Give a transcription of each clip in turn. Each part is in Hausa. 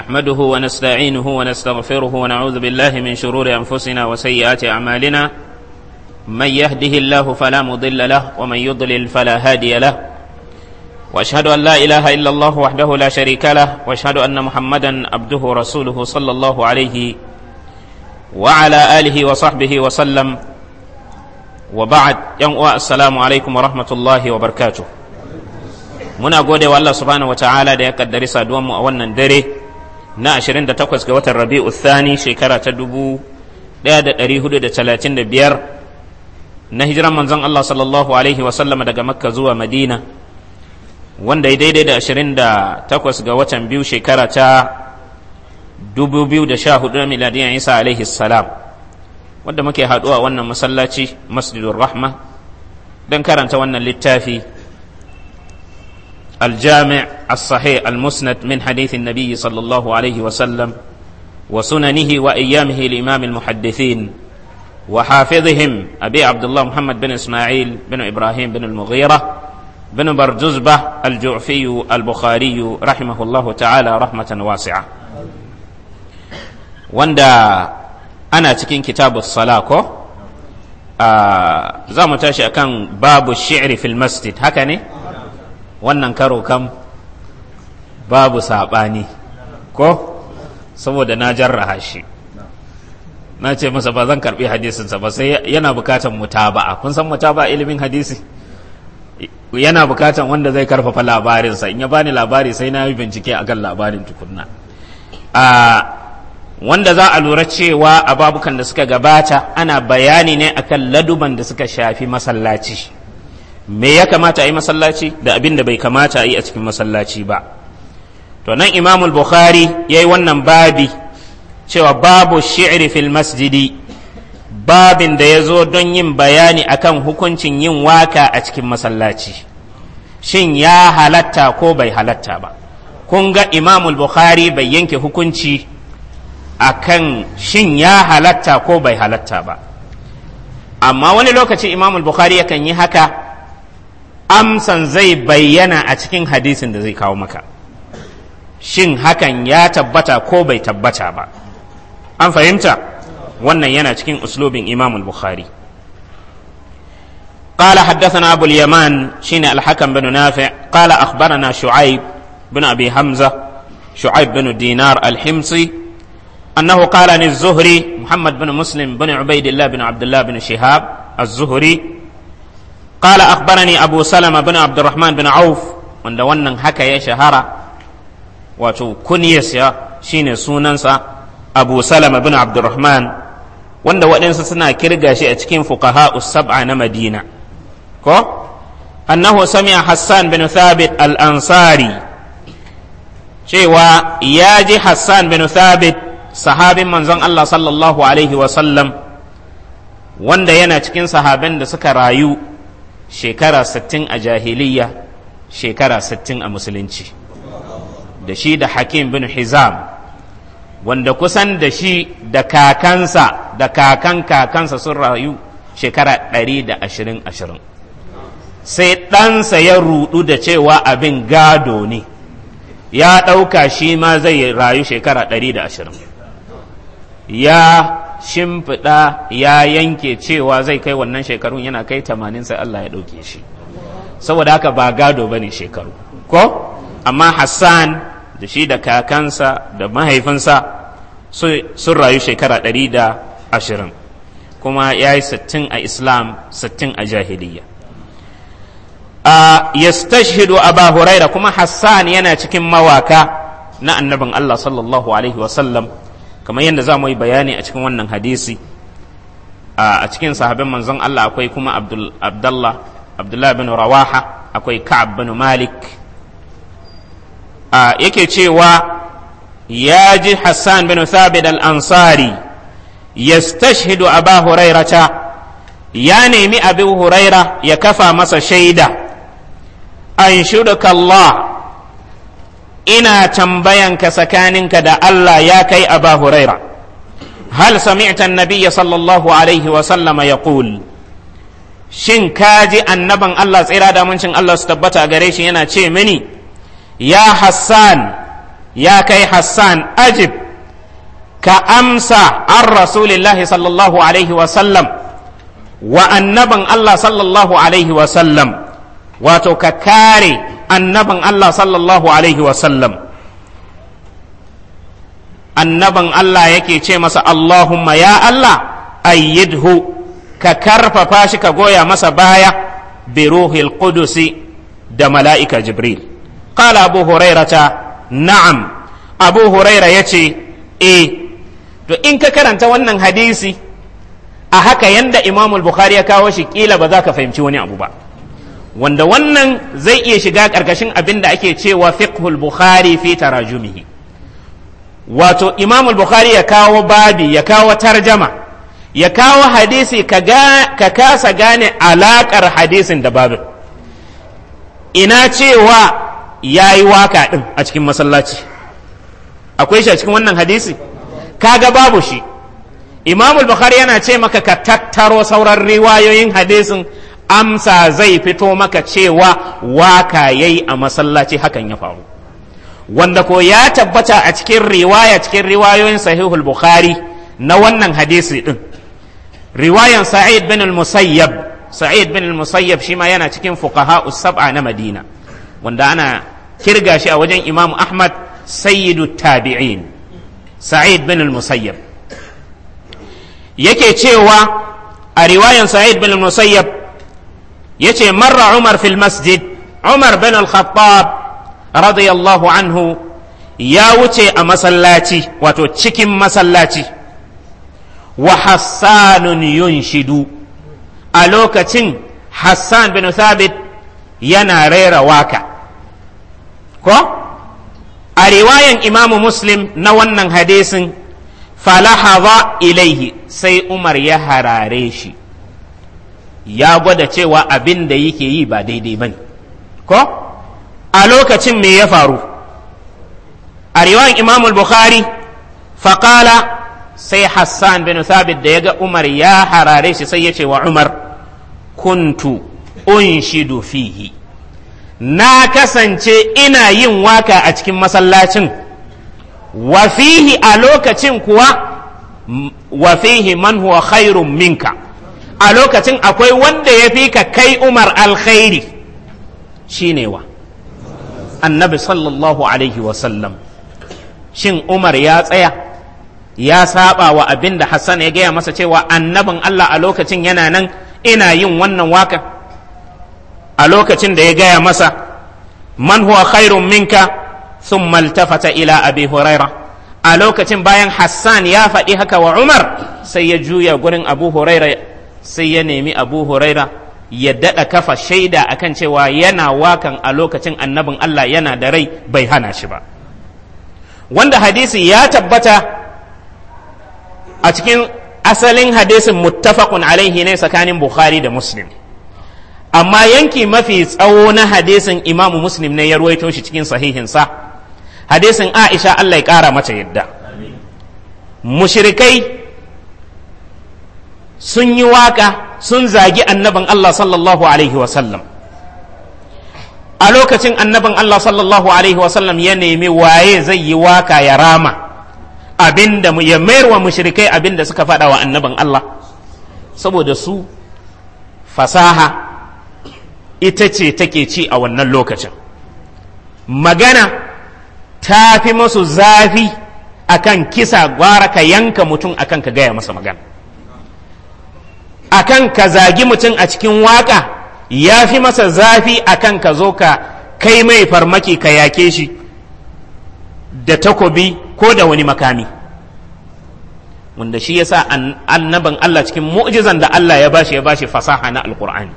نحمده ونستعينه ونستغفره ونعوذ بالله من شرور أنفسنا وسيئات أعمالنا من يهده الله فلا مضل له ومن يضلل فلا هادي له واشهد ان لا اله الا الله وحده لا شريك له واشهد ان محمدا عبده ورسوله صلى الله عليه وعلى اله وصحبه وسلم وبعد يوم السلام عليكم ورحمه الله وبركاته muna gode wa Allah subhanahu wa ta'ala da ya kaddari saduwanmu a wannan dare na 28 ga watan rabi'u thani shekara ta 1435 na hijiran manzon Allah sallallahu alaihi wasallam daga makka zuwa madina wanda ya daidai da 28 ga watan biyu shekara ta 2014 na miladiyan isa alaihi salam wanda muke haɗuwa wannan masallaci masjidul rahma don karanta wannan littafi الجامع الصحيح المسند من حديث النبي صلى الله عليه وسلم وسننه وأيامه لإمام المحدثين وحافظهم أبي عبد الله محمد بن إسماعيل بن إبراهيم بن المغيرة بن برجزبة الجعفي البخاري رحمه الله تعالى رحمة واسعة وندا أنا تكين كتاب الصلاة كو آه زامو تاشي أكان باب الشعر في المسجد هكذا wannan karo kam babu saɓani ko saboda na jarraha shi na ce masa ba zan karɓi hadisinsa ba sai yana bukatan mutaba'a kun san mutaba'a ilimin hadisi yana bukatan wanda zai karfafa labarinsa in ya bani labari sai na yi bincike a kan labarin tukunna a wanda za a lura cewa a babukan da suka gabata ana bayani ne akan laduban da suka shafi masallaci me ya kamata a yi masallaci da abin da bai kamata a yi a cikin masallaci ba to nan imamul bukhari ya yi wannan babi cewa babu shi'ri fil masjidi babin da ya zo don yin bayani akan hukuncin yin waka a cikin masallaci shin ya halatta ko bai halatta ba kun ga imamul bukhari bai yanke hukunci akan shin ya halatta ko bai halatta ba amma wani lokaci imamul bukhari yakan yi haka amsan zai bayyana a cikin hadisin da zai kawo maka shin hakan ya tabbata ko bai tabbata ba an fahimta wannan yana cikin uslubin imam al-bukhari قال حدثنا أبو اليمان شين الحكم بن نافع قال أخبرنا شعيب بن أبي حمزة شعيب بن دينار الحمصي أنه قال عن الزهري محمد بن مسلم بن عبيد الله بن عبد الله بن شهاب الزهري qala akhbarani abu salama bin abdurrahman wanda wannan haka ya shahara wato kunyarsa shine sunansa abu salama bin abdurrahman wanda waɗansu suna kirga shi a cikin fuqaha sab'a na madina ko annahu sami'a hassan bin thabit al-ansari cewa ya ji hassan bin thabit sahabin manzon Allah sallallahu alaihi wasallam wanda yana cikin sahaben da suka rayu shekara 60 a jahiliya shekara 60 a musulunci da shi da hakim bin hizam wanda kusan da shi da kakansa da kakan kakansa sun rayu shekara 120 sai ɗansa ya rudu da cewa abin gado ne ya ɗauka shi ma zai rayu shekara 120 ya shimfiɗa ya yanke cewa zai kai wannan shekarun yana kai tamanin sai Allah ya ɗauke shi saboda haka ba gado ba ne shekaru ko amma hassan da shi da kakansa da mahaifinsa sun rayu shekara ɗari da ashirin kuma ya yi sittin a islam sittin a jahiliya a yastashhidu aba huraira kuma hassan yana cikin mawaka na annabin allah sallallahu alaihi wasallam kamar yadda za mu yi bayani a cikin wannan hadisi a cikin sahabin manzon Allah akwai kuma Abdullah Abdullah bin Rawaha akwai Ka'ab bin Malik yake cewa ya ji Hassan bin Thabit al-Ansari yastashhidu Aba Hurairata ya nemi abu Huraira ya kafa masa shaida an shuduka Allah ina tambayanka tsakaninka da Allah ya kai aba huraira hal sami'ta annabiyya sallallahu alaihi wa sallama yaqul shin kaji annaban Allah tsira da muncin Allah su tabbata gare shi yana ce mini ya Hassan ya kai Hassan ajib ka amsa an rasulillahi sallallahu alaihi wa sallam wa annaban Allah sallallahu alaihi wa sallam wato ka kare annaban Allah sallallahu alaihi wasallam annaban Allah yake ce masa Allahuma ya Allah ayyidhu ka karfafa shi ka goya masa baya Biruhil ruhil qudusi da mala'ika jibril qala abu hurairata na'am abu huraira yace eh to in ka karanta wannan hadisi a haka yanda imamul bukhari ya kawo shi ƙila ba za ka fahimci wani abu ba wanda wannan zai iya shiga ƙarƙashin abin da ake cewa fiqhul bukhari fi tarajumihi wato imam bukhari ya kawo babi ya kawo tarjama ya kawo hadisi ka kasa gane alaƙar hadisin da babin ina cewa ya yi waka ɗin a cikin masallaci akwai shi a cikin wannan hadisi kaga babu shi imam bukhari yana ce maka ka tattaro sauran riwayoyin hadisin amsa zai fito maka cewa waka yayi a masallaci hakan ya faru wanda ko ya tabbata a cikin riwaya cikin riwayoyin sahihul bukhari na wannan hadisi din riwayan sa'id bin al-musayyab sa'id bin al-musayyab shi ma yana cikin fuqaha sab'a na madina wanda ana kirga shi a wajen imam ahmad sayyidu tabi'in sa'id bin al-musayyab yake cewa a riwayan sa'id bin al-musayyab yace marra umar fil masjid umar bin al-khattab radiyallahu anhu ya wuce a masallaci wato cikin masallaci wa hassanun yunshidu a lokacin hassan bin thabit yana rera waka ko a riwayan imamu muslim na wannan hadisin falahaza ilaihi sai umar ya harare shi ya gwada cewa abin da yake yi ba daidai ba ko a lokacin me ya faru a riwayan imam bukhari faƙala sai hassan bin sabit da ya ga umar ya harare shi sai ya ce wa umar kuntu unshidu fihi na kasance ina yin waka a cikin masallacin Wafihi a lokacin kuwa Wafihi fihi man huwa khairun minka a lokacin akwai wanda ya fi ka kai umar alkhairi ne wa annabi sallallahu alaihi wasallam shin umar ya tsaya ya saba wa abin da hassan ya gaya masa cewa annabin allah a lokacin yana nan ina yin wannan waka a lokacin da ya gaya masa man huwa khairun minka sun maltafata ila abi huraira a lokacin bayan Hassan ya faɗi haka wa Umar sai ya juya gurin Abu Huraira sai ya nemi abu huraira ya daɗa kafa shaida a kan cewa yana wakan a lokacin annabin Allah yana da rai bai hana shi ba wanda hadisi ya tabbata a cikin asalin hadisin muttafaqun alaihi ne tsakanin bukhari da muslim amma yanki mafi tsawo na hadisin imamu muslim ne ya ruwaito shi cikin sahihinsa hadisin aisha allah ya kara mata yadda mushrikai sun yi waka sun zagi annabin Allah sallallahu alaihi wasallam a lokacin annabin Allah sallallahu alaihi wasallam ya nemi waye zai yi waka ya rama abinda ya mayar wa mushrikai abinda suka faɗa wa annabin Allah saboda su fasaha ita ce take ci a wannan lokacin magana ta fi masu zafi akan kisa gwara ka yanka mutum akan ka gaya masa magana akan ka zagi mutum a cikin waka ya fi masa zafi akan ka zo ka kai mai farmaki ka yake shi da takobi ko da wani makami wanda shi yasa annaban Allah cikin mu'jizan da Allah ya bashi ya bashi fasaha na alkur'ani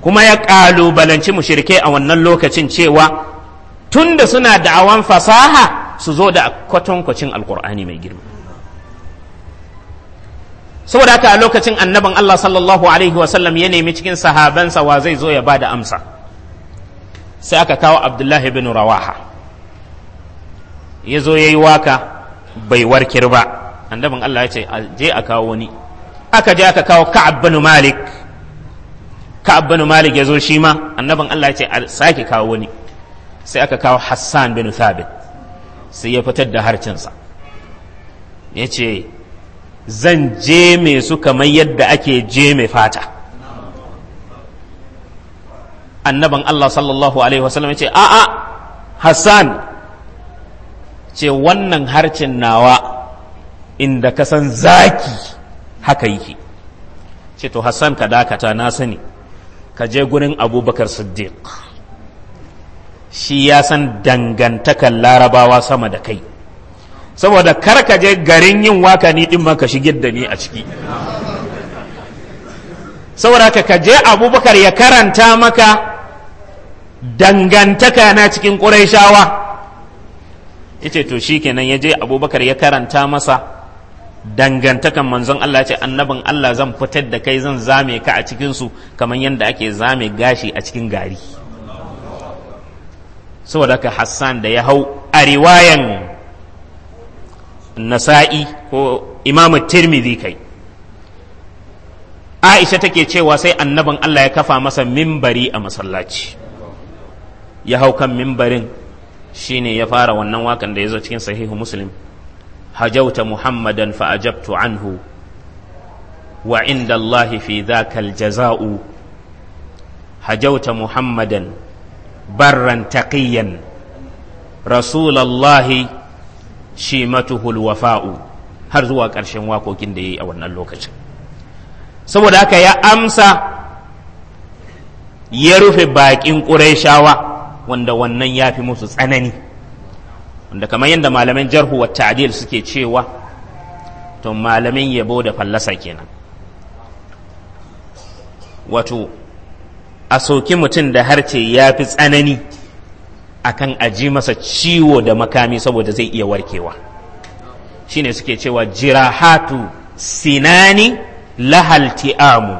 kuma ya ƙalubalanci mushrikai a wannan lokacin cewa tunda suna da'awan fasaha su zo da kwatankwacin alkur'ani mai girma saboda haka a lokacin annabin Allah sallallahu alaihi wa sallam ya nemi cikin sahabansa wa zai zo ya ba da amsa sai aka kawo abdullahi bin rawaha ya zo ya yi waka bai warkir ba annabin Allah ya ce je a kawo wani aka je aka kawo ka'ab bin malik ka'ab bin malik ya zo shi ma annabin Allah ya ce a sake kawo wani sai aka kawo hassan bin thabit sai ya fitar da harcinsa ya ce zan jeme su kamar yadda ake jeme fata annaban Allah sallallahu alaihi wasallam ce a'a Hassan ce wannan harcin nawa inda ka san zaki haka yake ce to Hassan ka dakata na sani ka je gurin abubakar siddiq shi ya san dangantakan larabawa sama da kai saboda karka je garin yin waka ni din ma ka shigar da ni a ciki saboda ka je abubakar ya karanta maka dangantaka na cikin ƙuraishawa yace to shikenan ya je abubakar ya karanta masa dangantakan manzon Allah ce annabin Allah zan fitar da kai zan zame ka a cikinsu kamar yadda ake zame gashi a cikin gari saboda ka Hassan da ya hau a riwayan nasa'i ko imamu tirmidhi kai aisha take cewa sai annabin allah ya kafa masa mimbari a masallaci ya hau kan mimbarin shine ya fara wannan wakan da ya zo cikin sahihu muslim hajauta muhammadan fa'ajabtu anhu wa inda allahi fi dhakal jaza'u hajauta muhammadan barran taqiyan rasulallahi shimatuhul wafa'u har zuwa ƙarshen wakokin da ya yi a wannan lokacin saboda haka ya amsa ya rufe baƙin ƙuraishawa wanda wannan ya fi musu tsanani wanda kamar yadda malamin jarhu wa ta'dil suke cewa to malamin yabo da fallasa kenan wato a soki mutum da harce ya fi tsanani akan aji masa ciwo da makami saboda zai iya warkewa shine suke cewa jirahatu sinani lahal ti'amu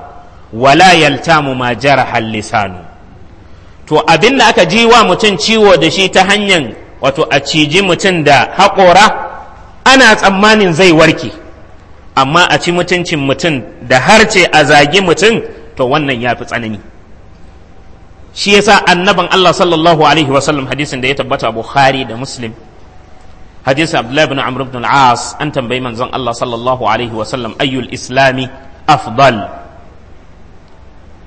wala yaltamu ma jarahal lisanu to abin da aka ji wa mutum ciwo da shi ta hanyar wato a ciji mutum da haƙora ana tsammanin zai warke amma a ci mutuncin mutum da harce a zagi mutum to wannan ya fi tsanani shi yasa annaban Allah sallallahu alaihi wa sallam hadisin da ya tabbata Bukhari da Muslim Hadisi Abdullah ibn Amr ibn al-As an tambayi manzon Allah sallallahu alaihi wa sallam ayyul islami afdal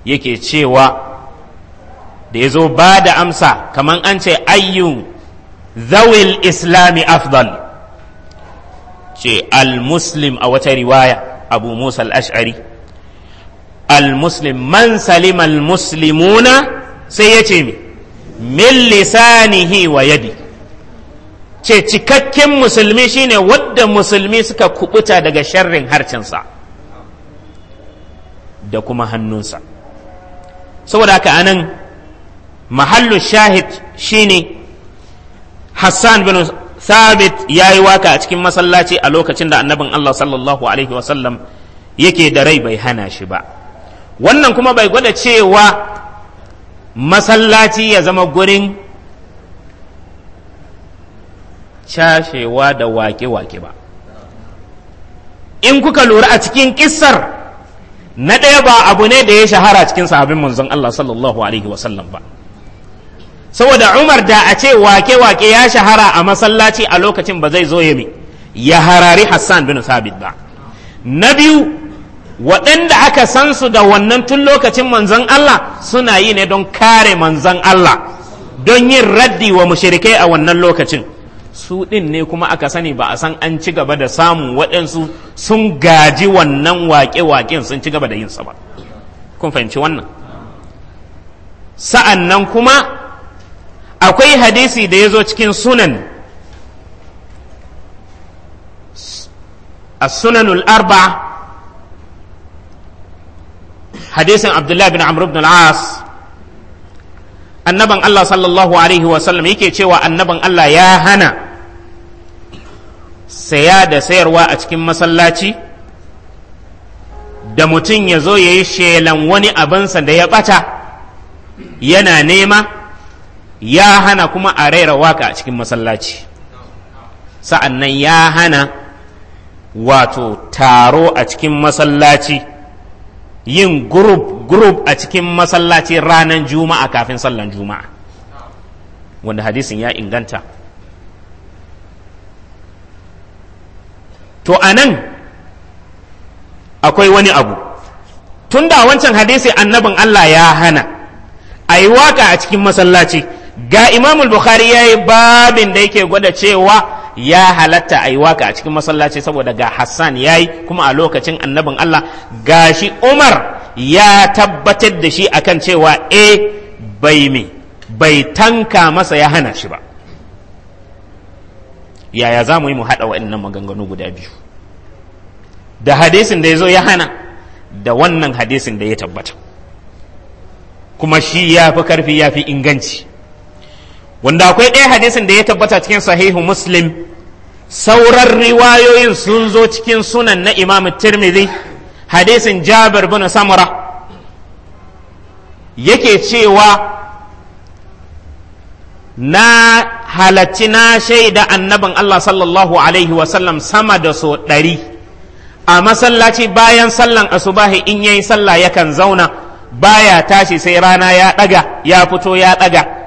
yake cewa da ya zo ba da amsa kaman an ce ayyu, zawil islami afdal ce al-muslim a wata riwaya abu musa al-ash'ari al-muslim man salima al-muslimuna sai ya ce mi min lisanihi wa yadi ce cikakken musulmi shine wadda musulmi suka kubuta daga sharrin harcinsa da kuma hannunsa saboda haka anan mahallu shahid shine hassan bin thabit ya yi waka a cikin masallaci a lokacin da annabin allah sallallahu alaihi wasallam yake da rai bai hana shi ba wannan kuma bai gwada cewa masallaci ya zama gurin cashewa da wake-wake ba in kuka lura a cikin kissar na ɗaya ba abu ne da ya shahara cikin sahabin manzon Allah sallallahu alaihi wasallam ba saboda umar da a ce wake-wake ya shahara a masallaci a lokacin ba zai zo ya ya harari hassan bin sabit ba na biyu waɗanda aka san su da wannan tun lokacin manzon Allah suna yi ne don kare manzon Allah don yin raddi wa mushrikai a wannan lokacin su ɗin ne kuma aka sani ba a san an ci gaba da samun waɗansu sun gaji wannan waƙe-waƙen sun ci gaba da yinsa ba kun fahimci wannan sa'an nan kuma akwai hadisi da ya zo cikin sunan a sunanul arba hadisin abdullahi bin amr ibn al-as annaban Allah sallallahu alaihi wasallam yake cewa annaban Allah ya hana saya da sayarwa a cikin masallaci da mutum ya zo ya yi shelan wani abinsa da ya ɓata yana nema ya hana kuma a raira waka a cikin masallaci sa'an nan ya hana wato taro a cikin masallaci yin group group a cikin masallaci ranar juma'a kafin sallan juma'a wanda hadisin ya inganta to a nan akwai wani abu tunda wancan hadisi annabin Allah ya hana a yi waka a cikin masallaci ga imamul bukhari ya yi babin da yake gwada cewa ya halatta a yi waka a cikin masallaci saboda ga hassan ya yi kuma a lokacin annabin allah ga shi umar ya tabbatar da shi akan cewa e bai me bai tanka masa ya hana shi ba yaya za mu yi mu haɗa waɗannan maganganu guda biyu da hadisin da ya zo ya hana da wannan hadisin da ya tabbata kuma shi ya fi karfi ya fi inganci wanda akwai ɗaya hadisin da ya tabbata cikin sahihu muslim sauran riwayoyin sun zo cikin sunan na imam tirmidhi hadisin jabir bin samura yake cewa na halacci na shaida annabin Allah sallallahu alaihi wasallam sama da so ɗari a masallaci bayan sallan asubahi in yayi sallah yakan zauna baya tashi sai rana ya ɗaga ya fito ya ɗaga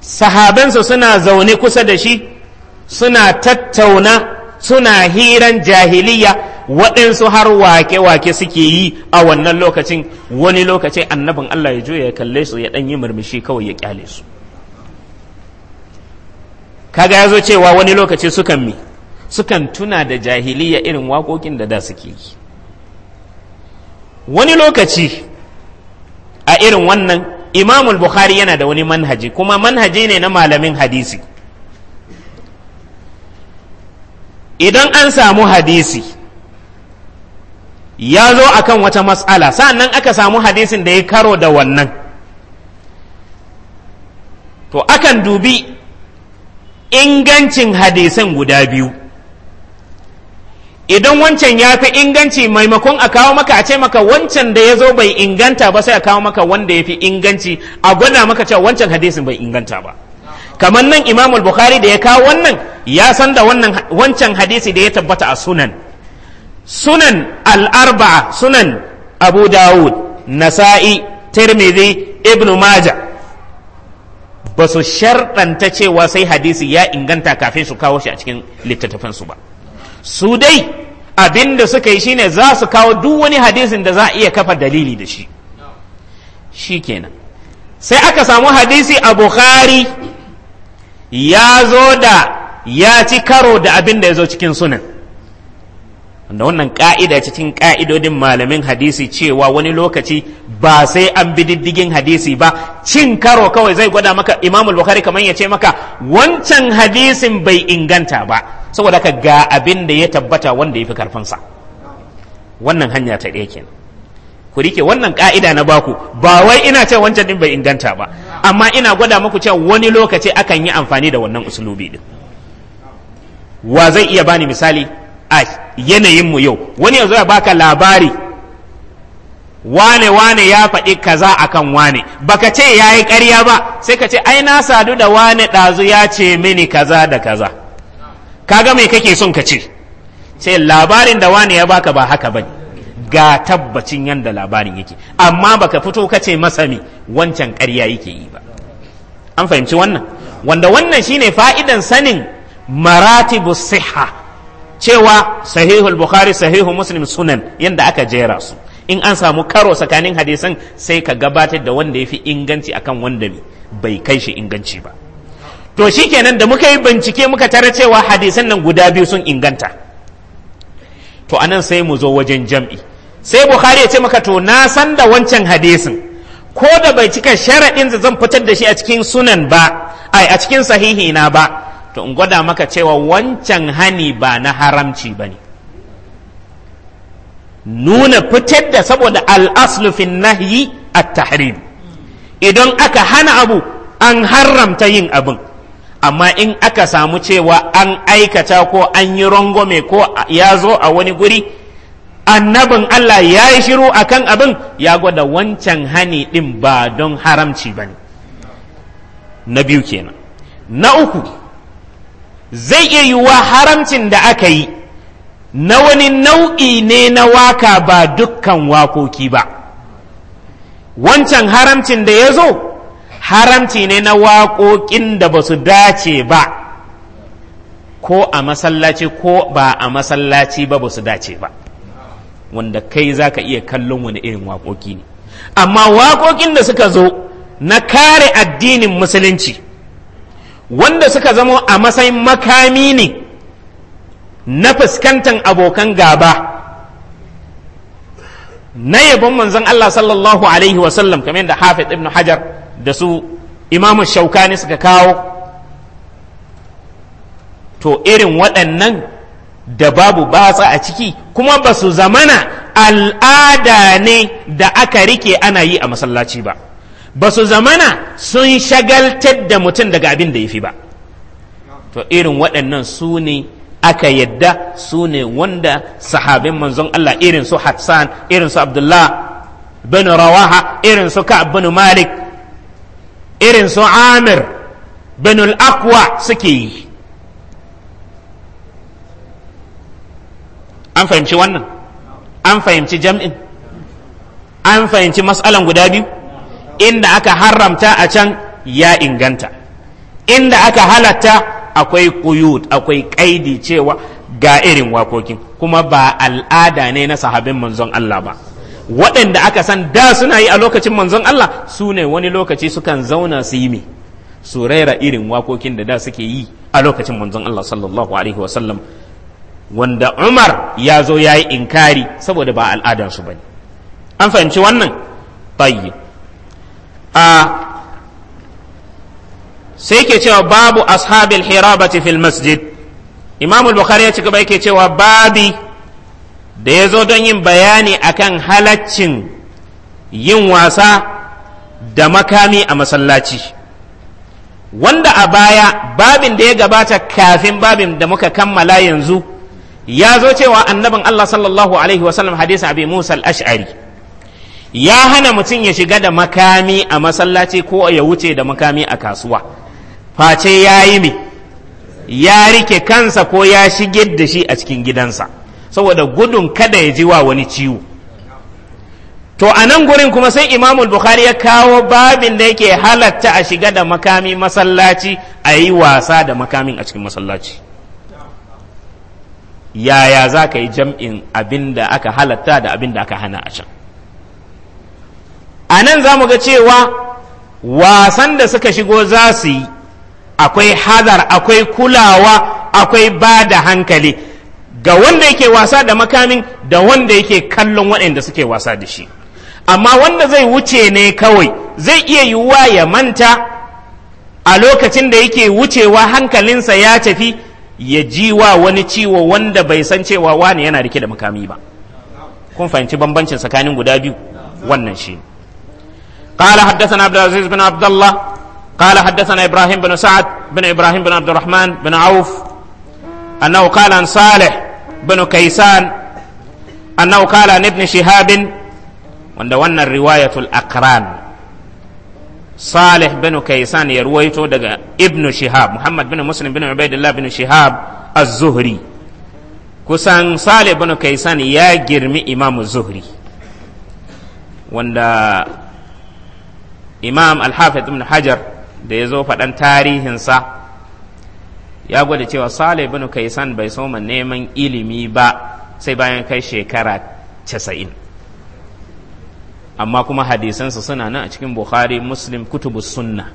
sahabansa suna zaune kusa da shi suna tattauna suna hiran jahiliya waɗansu har wake-wake suke yi a wannan lokacin wani lokacin annabin Allah ya juya ya kalle su ya ɗan yi murmushi kawai ya ƙyale su kaga ya zo cewa wani lokaci sukan mi sukan tuna da jahiliya irin waƙoƙin da da suke yi wani lokaci a irin wannan imamul bukhari yana da wani manhaji kuma manhaji ne na malamin hadisi idan an samu hadisi ya zo a kan wata matsala sa'an aka samu hadisin da ya karo da wannan to akan dubi ingancin hadisan guda biyu idan wancan ya fi inganci maimakon a kawo maka a ce maka wancan da ya zo bai inganta ba sai a kawo maka wanda ya fi inganci a gwada maka cewa wancan hadisin bai inganta ba kamar nan imam bukhari da ya kawo wannan ya san da wancan hadisi da ya tabbata a sunan sunan al'arba sunan abu dawud nasa'i tirmidhi ibnu maja ba su sharɗanta cewa sai hadisi ya inganta kafin su kawo shi a cikin littattafansu ba su dai abin da suka yi shi ne za su kawo duk wani hadisin da za a iya kafa dalili da shi shi kenan sai aka samu hadisi a bukhari ya zo da ya ci karo da abin da ya zo cikin sunan wanda wannan ka'ida cikin ka'idodin malamin hadisi cewa wani lokaci ba sai an bi diddigin hadisi ba cin karo kawai zai gwada maka imamul bukhari kamar ya ce maka wancan hadisin bai inganta ba saboda ka ga abin da ya tabbata wanda ya fi karfinsa wannan hanya ta ɗaya kenan ku rike wannan ka'ida na baku ba wai ina ce wancan din bai inganta ba amma ina gwada muku cewa wani lokaci akan yi amfani da wannan usulubi din wa zai iya bani misali a yanayin mu yau wani yanzu ya baka labari wane wane ya faɗi kaza akan wane baka ce yayi ƙarya ba sai ka ce ai na sadu da wane ɗazu ya ce mini kaza da kaza kaga mai kake son ka ce sai labarin da wani ya baka ba haka bane ga tabbacin yanda labarin yake amma baka fito ka ce masa me wancan ƙarya yake yi ba an fahimci wannan wanda wannan shine fa'idan sanin maratibu siha cewa sahihul bukhari sahihu muslim sunan yanda aka jera su in an samu karo tsakanin hadisan sai ka gabatar da wanda ya fi inganci akan wanda bai kai shi inganci ba to shi shikenan da muka yi bincike muka tara cewa hadisan nan guda biyu sun inganta to anan sai mu zo wajen jam'i sai bukhari ya ce maka to na san da wancan hadisin ko da bai cika sharaɗin da zan fitar da shi a cikin sunan ba ai a cikin sahihi na ba to in gwada maka cewa wancan hani ba na haramci ba ne nuna fitar da saboda al'aslufin nahyi at tahrim idan aka hana abu an haramta yin abin amma in aka samu cewa an aikata ko an yi rongome ko ya zo a wani guri annabin Allah ya yi shiru a kan abin ya gwada wancan hani ɗin ba don haramci ba ne na biyu kenan na uku zai iya yiwuwa haramcin da aka yi na wani nau'i ne na waka ba dukkan wakoki ba wancan haramcin da ya zo haramci ne na waƙoƙin da ba su dace ba ko a masallaci ko ba a masallaci ba ba su dace ba wanda kai za ka iya kallon wani irin waƙoƙi ne amma waƙoƙin da suka zo na kare addinin musulunci wanda suka zamo a matsayin makami ne na fuskantar abokan gaba na yabon manzon Allah sallallahu alaihi wasallam kamar yadda Hafiz ibn Hajar da su shauka ne suka kawo to irin waɗannan da babu batsa a ciki kuma ba su zamana al'ada ne da aka rike ana yi a masallaci ba ba su zamana sun shagaltar da mutum daga abin da ya fi ba to irin waɗannan su ne aka yadda su ne wanda sahabin manzon Allah irin su Hassan irin su Abdullah bin Rawaha irin su Ka'ab bin Malik irin su amir benul akwa suke yi an fahimci wannan an fahimci jam'in an fahimci matsalan guda biyu inda aka haramta a can ya inganta inda aka halatta akwai kuyut akwai kaidi cewa ga irin wakokin kuma ba al'ada ne na sahabin manzon Allah ba waɗanda aka san da suna yi a lokacin manzon Allah su ne wani lokaci sukan zauna su yi su raira irin wakokin da da suke yi a lokacin manzon Allah sallallahu alaihi wasallam wanda Umar ya zo ya yi inkari saboda ba al'adarsu ba ne an fahimci wannan tayyib a sai ke cewa babu ashabil hirabati fil masjid imamul bukhari ya ci gaba yake cewa babi da ya zo don yin bayani akan halaccin yin wasa da makami a masallaci wanda a baya babin da ya gabata kafin babin da muka kammala yanzu ya zo cewa annabin Allah sallallahu alaihi wasallam hadisa abi Musa al-ash'ari ya hana mutum ya shiga da makami a masallaci ko ya wuce da makami a kasuwa face ya yi me ya rike kansa ko ya shigar da shi a cikin gidansa saboda gudun kada ya ji wa wani ciwo to a nan gurin kuma sai imamul bukhari ya kawo babin da yake halatta a shiga da makami masallaci a yi wasa da makamin a cikin masallaci yaya za ka yi jam'in abin da aka halatta da abin da aka hana a can a nan za mu ga cewa wasan da suka shigo za su yi akwai hadar akwai kulawa akwai ba da hankali ga wanda yake wasa da makamin da wanda yake kallon waɗanda suke wasa da shi amma wanda zai wuce ne kawai zai iya yiwuwa ya manta a lokacin da yake wucewa hankalinsa ya tafi ya ji wa wani ciwo wanda bai san cewa wani yana rike da makami ba kun fahimci bambancin tsakanin guda biyu wannan shi قال حدثنا عبد العزيز بن عبد الله قال حدثنا ابراهيم بن سعد بن ابراهيم بن عبد الرحمن بن عوف انه قال عن صالح بن كيسان أنه قال عن ابن شهاب وندونا رواية الأقران صالح بن كيسان يرويته دقى ابن شهاب محمد بن مسلم بن عبيد الله بن شهاب الزهري كسان صالح بن كيسان يا جرمي إمام الزهري وندا إمام الحافظ بن حجر da ya zo faɗan tarihinsa ya gwada cewa sale ibn Kaysan bai soma neman ilimi ba sai bayan kai shekara casa'in amma kuma hadisansa suna nan a cikin Bukhari Muslim kutubus sunna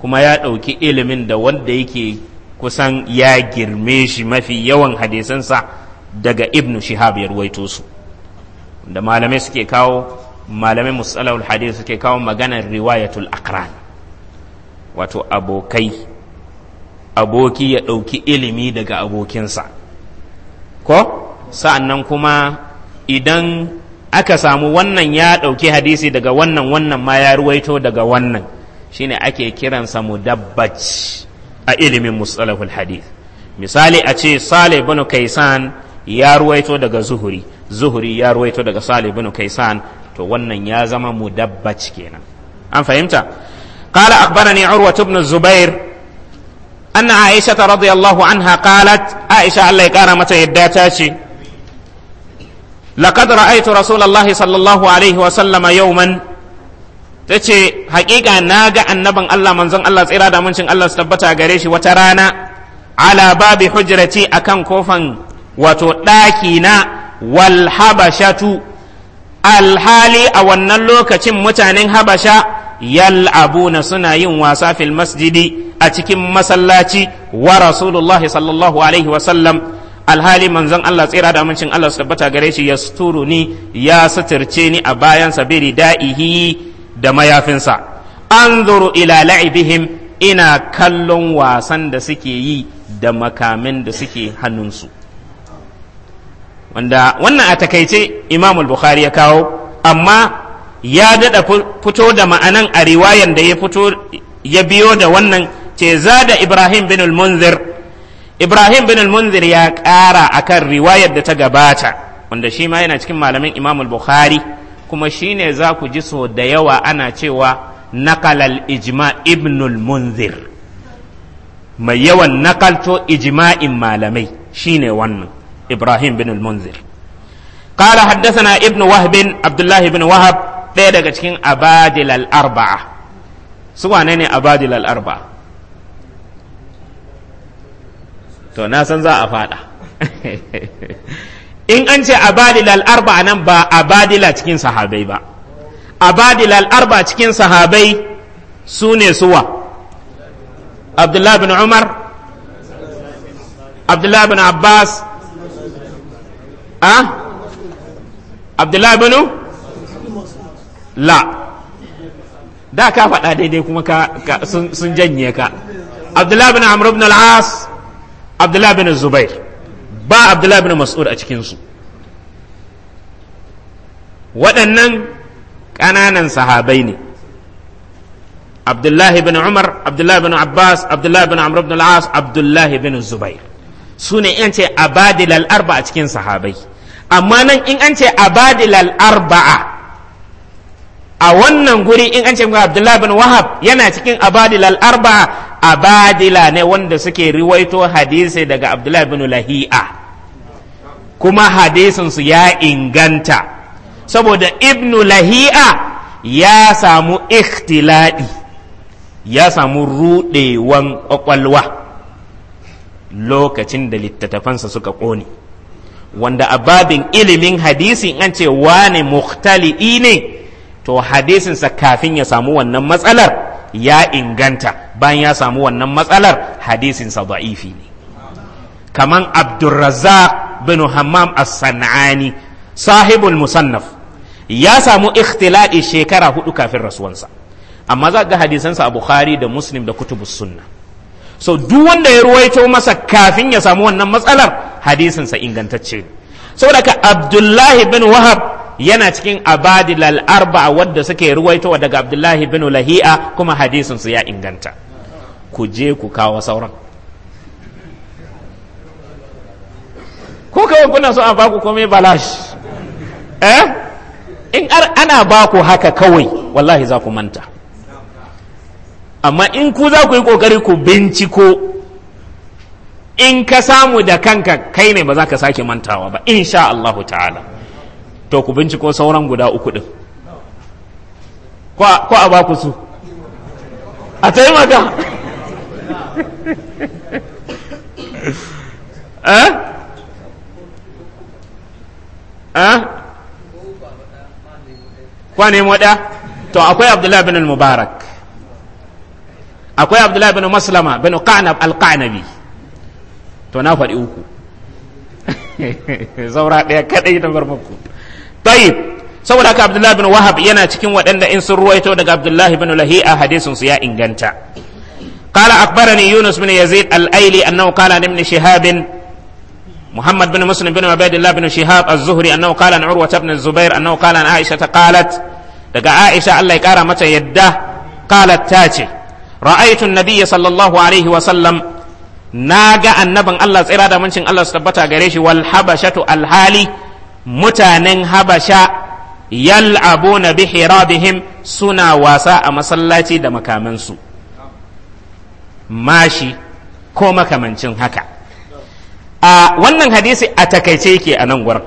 kuma ya ɗauki ilimin da wanda yake kusan ya girme shi mafi yawan hadisansa daga ibnu shihab ya ruwaito su da malamai suke kawo malamai musalahul hadith suke kawo maganar riwayatul akran wato abokai aboki ya ɗauki ilimi daga abokinsa ko sa'annan kuma idan aka samu wannan ya ɗauki hadisi daga wannan wannan ma ya ruwaito daga wannan shine ake kiransa mu dabbac a ilimin mustalahul hadith misali a ce sale bin kaisan ya ruwaito daga zuhuri zuhuri ya ruwaito daga sale bin kaisan to wannan ya zama mu dabbac kenan an fahimta قال أخبرني عروة بن الزبير أن عائشة رضي الله عنها قالت عائشة الله كان يداتاشي لقد رأيت رسول الله صلى الله عليه وسلم يوما تتي حقيقة ناقة النبن الله منزن الله سيرا دامنشن الله استبتا غريش وترانا على باب حجرتي أكن كوفا وتلاكينا والحبشة alhali a wannan lokacin mutanen habasha yal'abuna suna yin wasa fil masjidi a cikin masallaci wa rasulullahi sallallahu alaihi wasallam alhali manzon Allah tsira da amincin Allah su tabbata gare shi ya suturu ni ya suturce ni a bayan sabiri da'ihi da mayafinsa anzuru ila la'ibihim ina kallon wasan da suke yi da makamin da suke hannunsu wanda wannan a takaice imam bukhari ya kawo amma ya daɗa fito da ma'anan a riwayan da ya fito ya biyo da wannan ce da ibrahim bin munzir ibrahim bin munzir ya ƙara kan riwayar da ta gabata wanda shi ma yana cikin malamin imam bukhari kuma shi ne za ku ji so da yawa ana cewa nakalal ijma ibnul munzir mai yawan nakalto ijma'in malamai shi ne wannan ibrahim bin al-munzir قال حدثنا ابن وهب عبد الله بن وهب ɗaya daga cikin abadil al-arba'a su wane ne abadil al-arba'a to na san za a fada in an ce abadil al-arba'a nan ba abadila cikin sahabai ba abadil al-arba'a cikin sahabai su ne suwa abdullahi bin umar abdullahi bin abbas a abdullahi banu la da ka faɗa daidai kuma sun janye ka abdullahi bin amr ibn al-as abdullahi bin zubair ba abdullahi bin mas'ud a cikinsu waɗannan ƙananan sahabai ne abdullahi bin umar abdullahi bin abbas abdullahi bin amr ibn al abdullahi bin zubair su ne yance abadil al-arba a cikin sahabai amma nan in an ce abadilal arba'a a wannan guri in an ce abdullahi bin wahab yana cikin abadilal arba'a abadila ne wanda suke riwaito hadisi daga abdullahi bin lahi'a kuma hadisinsu ya inganta saboda ibnu lahi'a ya samu ikhtiladi ya samu rudewan kwakwalwa lokacin da littattafansa suka ƙone. wanda a babin ilimin hadisi an ce wane muhtali'i ne to hadisinsa kafin ya samu wannan matsalar ya inganta bayan ya samu wannan matsalar hadisinsa da'ifi ne kaman abdurrazzaq bin hammam as-san'ani sahibul musannaf ya samu ikhtila'i shekara hudu kafin rasuwansa amma za ga hadisansa a bukhari da muslim da kutubus sunna so duk wanda ya ruwaito masa kafin ya samu wannan matsalar hadisinsa ingantacce saboda ka abdullahi bin wahab yana cikin abadil arba'a wadda suke ruwaito daga abdullahi bin lahi'a kuma hadisinsu ya inganta ku je ku kawo sauran ko kawai kuna so a baku komai balash eh in ana baku haka kawai wallahi za ku manta amma in ku za ku yi ƙoƙari ku binciko in ka samu da kanka kai ne ba za ka sake mantawa ba insha Allahu ta'ala to ku binciko sauran guda uku ɗin ko a ba ku su a taimaka eh? eh? kwa to akwai abdullahi bin al-mubarak akwai abdullahi bin maslama bin qanab al-qanabi to na faɗi uku zaura ɗaya kaɗai da bar muku tayyib saboda haka abdullahi bin wahab yana cikin waɗanda in sun ruwaito daga abdullahi bin lahi'a hadisin su ya inganta Qala أخبرني Yunus بن Yazid al أنه قال عن ابن شهاب محمد بن مسلم بن عبيد الله بن شهاب الزهري أنه قال عن عروة بن الزبير أنه قال عن عائشة قالت daga aisha allah ya kara mata yadda qalat ta ce ra'aytu an-nabiy sallallahu alaihi wa sallam naga annabin Allah tsira da mancin Allah su tabbata gare shi wal habashatu alhali mutanen habasha yal'abuna bi hirabihim suna wasa a masallaci da makamansu mashi ko makamancin haka a wannan hadisi a takaice yake a nan gurin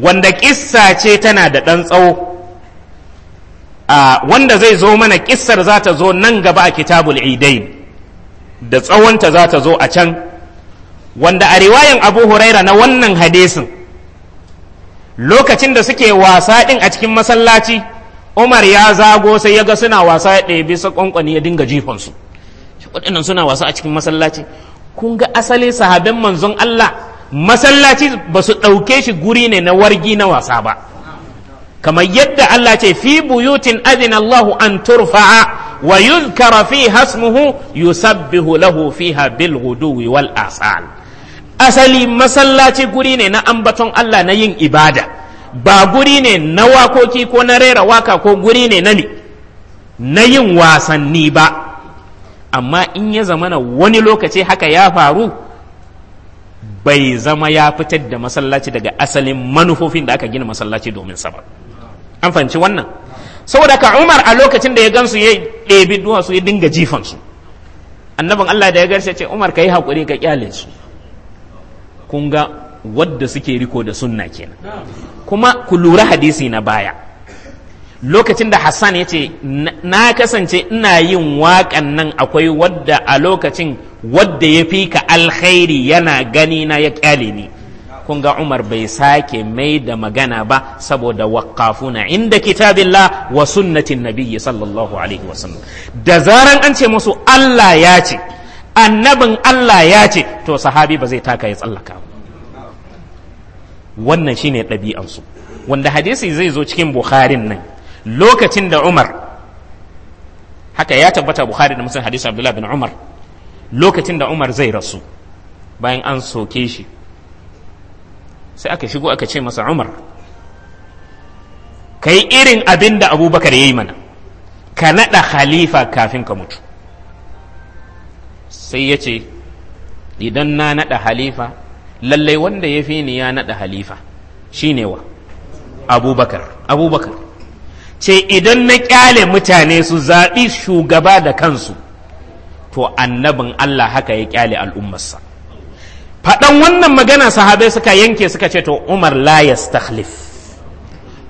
wanda kissa ce tana da ɗan tsawo wanda zai zo mana kissar za ta zo nan gaba a kitabul idain da tsawonta za ta zo a can wanda a riwayan abu huraira na wannan hadisin lokacin da suke wasa ɗin a cikin masallaci umar ya zago sai ya ga suna wasa ya ɗebi su ƙwanƙwani ya dinga jifansu waɗannan suna wasa a cikin masallaci kun ga asali sahabin manzon Allah masallaci ba su ɗauke shi guri ne na wargi na wasa ba kamar yadda Allah ce fi buyutin adina Allahu an turfa'a wa yuzkara fi hasmuhu yusabbihu lahu fiha bil ghuduwi wal asal asali masallaci guri ne na ambaton Allah na yin ibada ba guri ne na wakoki ko na rera waka ko guri ne na na yin wasanni ba amma in ya zamana wani lokaci haka ya faru bai zama ya fitar da masallaci daga asalin manufofin da aka gina masallaci domin sa ba an fahimci wannan saboda ka umar a lokacin da ya gansu ya ɗebi duwatsu ya dinga jifansu annabin allah da ya garsa ce umar ka yi haƙuri ka ƙyale su kun ga wadda suke riko da sunna kenan kuma ku lura hadisi na baya lokacin da hassan ya ce na kasance ina yin waƙan nan akwai wadda a lokacin wadda ya fi ka alkhairi yana gani na ya ƙyale ni kun ga Umar bai sake mai da magana ba saboda waqafuna inda kitabillah wa sunnatin nabiyyi sallallahu alaihi wasallam da zaran an ce musu Allah ya ce annabin Allah ya ce to sahabi ba zai taka ya tsallaka wannan shine ɗabi'ansu wanda hadisi zai zo cikin bukharin nan lokacin da Umar haka ya tabbata Bukhari da Muslim hadisin Abdullahi bin Umar lokacin da Umar zai rasu bayan an soke shi sai aka shigo aka ce masa umar ka yi irin abin da abubakar ya yi mana ka naɗa khalifa kafin ka mutu sai ya ce idan na naɗa halifa lallai wanda ya fi ni ya naɗa halifa shine wa abubakar abubakar ce idan na ƙyale mutane su zaɓi shugaba da kansu to annabin allah haka ya ƙyale al'ummarsa faɗan wannan magana sahabai suka yanke suka ce to umar la yastakhlif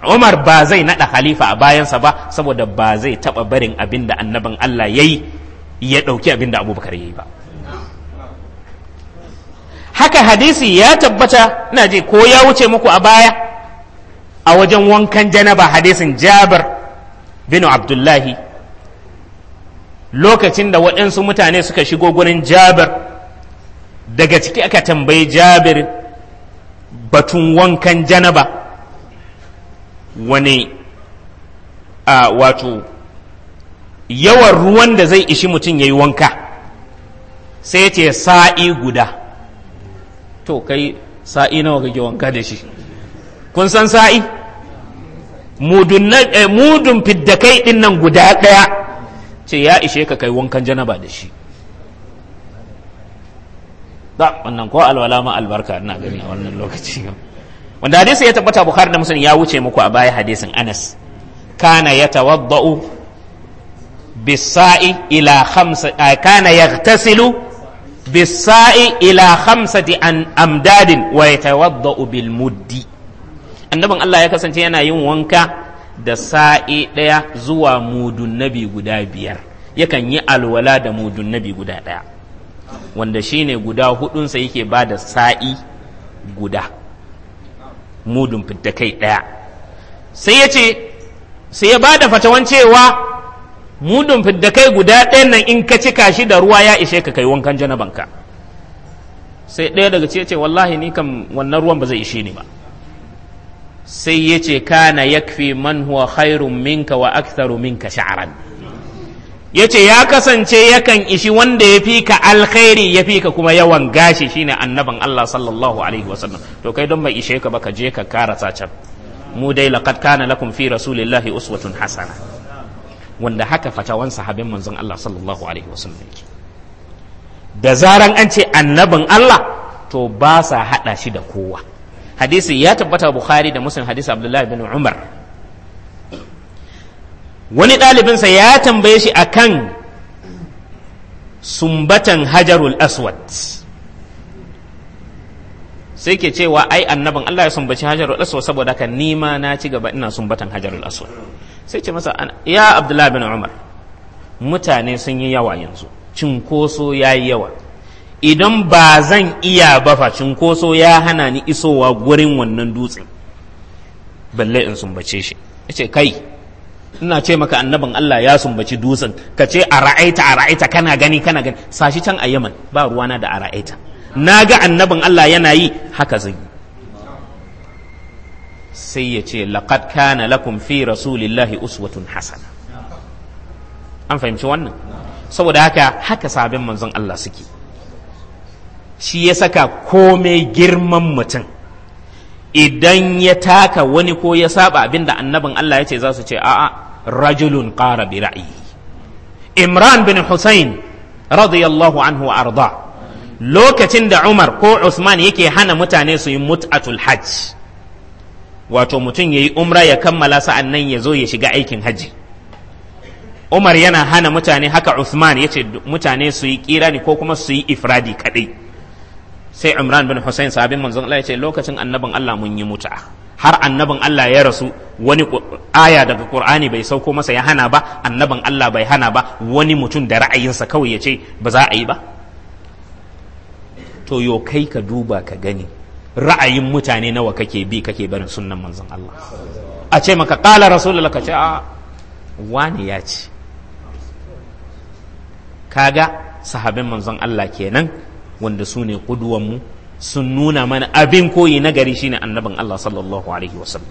umar ba zai naɗa halifa a bayansa ba saboda ba zai taɓa barin abin da annabin allah ya yi ya ɗauki abin da abubakar ya yi ba haka hadisi ya tabbata na je ko ya wuce muku a baya a wajen wankan janaba hadisin jabar bin abdullahi lokacin da waɗansu mutane suka shigo gurin jabar. daga ciki aka tambayi jabir batun wankan janaba wani a wato yawan ruwan da zai ishi mutum ya yi wanka sai ce sa'i guda to kai sa'i nawa kake wanka da shi kun san sa'i mudun eh, fidda kai ɗin nan guda ɗaya ce ya ishe ka kai wankan janaba da shi da wannan ko alwala ma albarka ina gani a wannan lokaci wanda hadisi ya tabbata bukhari da muslim ya wuce muku a baya hadisin anas kana yatawaddau bisa'i ila khamsa kana yaghtasilu bisa'i ila khamsati an amdadin wa yatawaddau bil muddi annabin Allah ya kasance yana yin wanka da sa'i ɗaya zuwa mudun nabi guda biyar yakan yi alwala da mudun nabi guda ɗaya wanda shine guda hudunsa yake ba da sa'i guda mudun fidda kai ɗaya sai ya ce sai ya ba da fatawan cewa mudun fidda kai guda ɗayan nan in ka cika shi da ruwa ya ishe ka kai wankan janabanka sai ɗaya daga ce ce wallahi ni kam wannan ruwan ba zai ishe ni ba sai ya ce kana yakfi man huwa khairun minka wa aktharu minka sha'ran ya ce ya kasance yakan ishi wanda ya fi ka alkhairi ya fi ka kuma yawan gashi shine annabin Allah sallallahu alaihi wasallam to kai don bai ishe ka ba ka je ka karasa can mu dai laqad kana lakum fi rasulillahi uswatun hasana wanda haka fatawan sahabin manzon Allah sallallahu alaihi wasallam da zaran an ce annabin Allah to ba sa hada shi da kowa hadisi ya tabbata bukhari da muslim hadisi abdullahi bin umar wani ɗalibinsa ya tambaye shi a kan sumbatan hajarul aswad sai ke cewa ai annabin Allah ya sumbaci hajarul aswad saboda haka nima na ci gaba ina sumbatan hajarul aswad sai ce masa ya abdullahi bin umar mutane sun yi yawa yanzu cinkoso ya yi yawa idan ba zan iya ba fa cinkoso ya hana ni isowa gurin wannan dutsen balle in sumbace shi ya ce kai ina ce maka annabin Allah ya sumbaci dutsen ka ce a ra'aita a ra'aita kana gani kana gani sashi can a Yaman ba ruwana da a ra'aita na ga annabin Allah yana yi haka zai sai ya ce laqad kana lakum fi rasulillahi uswatun hasana an fahimci wannan saboda haka haka sabin manzon Allah suke shi ya saka komai girman mutum idan ya taka wani ko ya saba abinda da annabin Allah ya ce za su ce a'a rajulun qara bi ra'yi imran bin husain radiyallahu anhu arda lokacin da umar ko usman yake hana mutane su yi mut'atul hajj wato mutum ya yi umra ya kammala sa'an nan ya zo ya shiga aikin hajji umar yana hana mutane haka usman yace mutane su yi kirani ko kuma su yi ifradi kadai sai Imran bin Hussein sahabin manzon Allah ya ce lokacin annabin Allah mun yi muta har annabin Allah ya rasu wani aya daga Qur'ani bai sauko masa ya hana ba annabin Allah bai hana ba wani mutum da ra'ayinsa kawai ya ce ba za a yi ba to yo kai ka duba ka gani ra'ayin mutane nawa kake bi kake barin sunnan manzon Allah a ce maka qala rasulullah ka ce a wani ya ce kaga sahabin manzon Allah kenan wanda su ne mu sun nuna mana abin koyi na gari shine annabin Allah sallallahu alaihi wasallam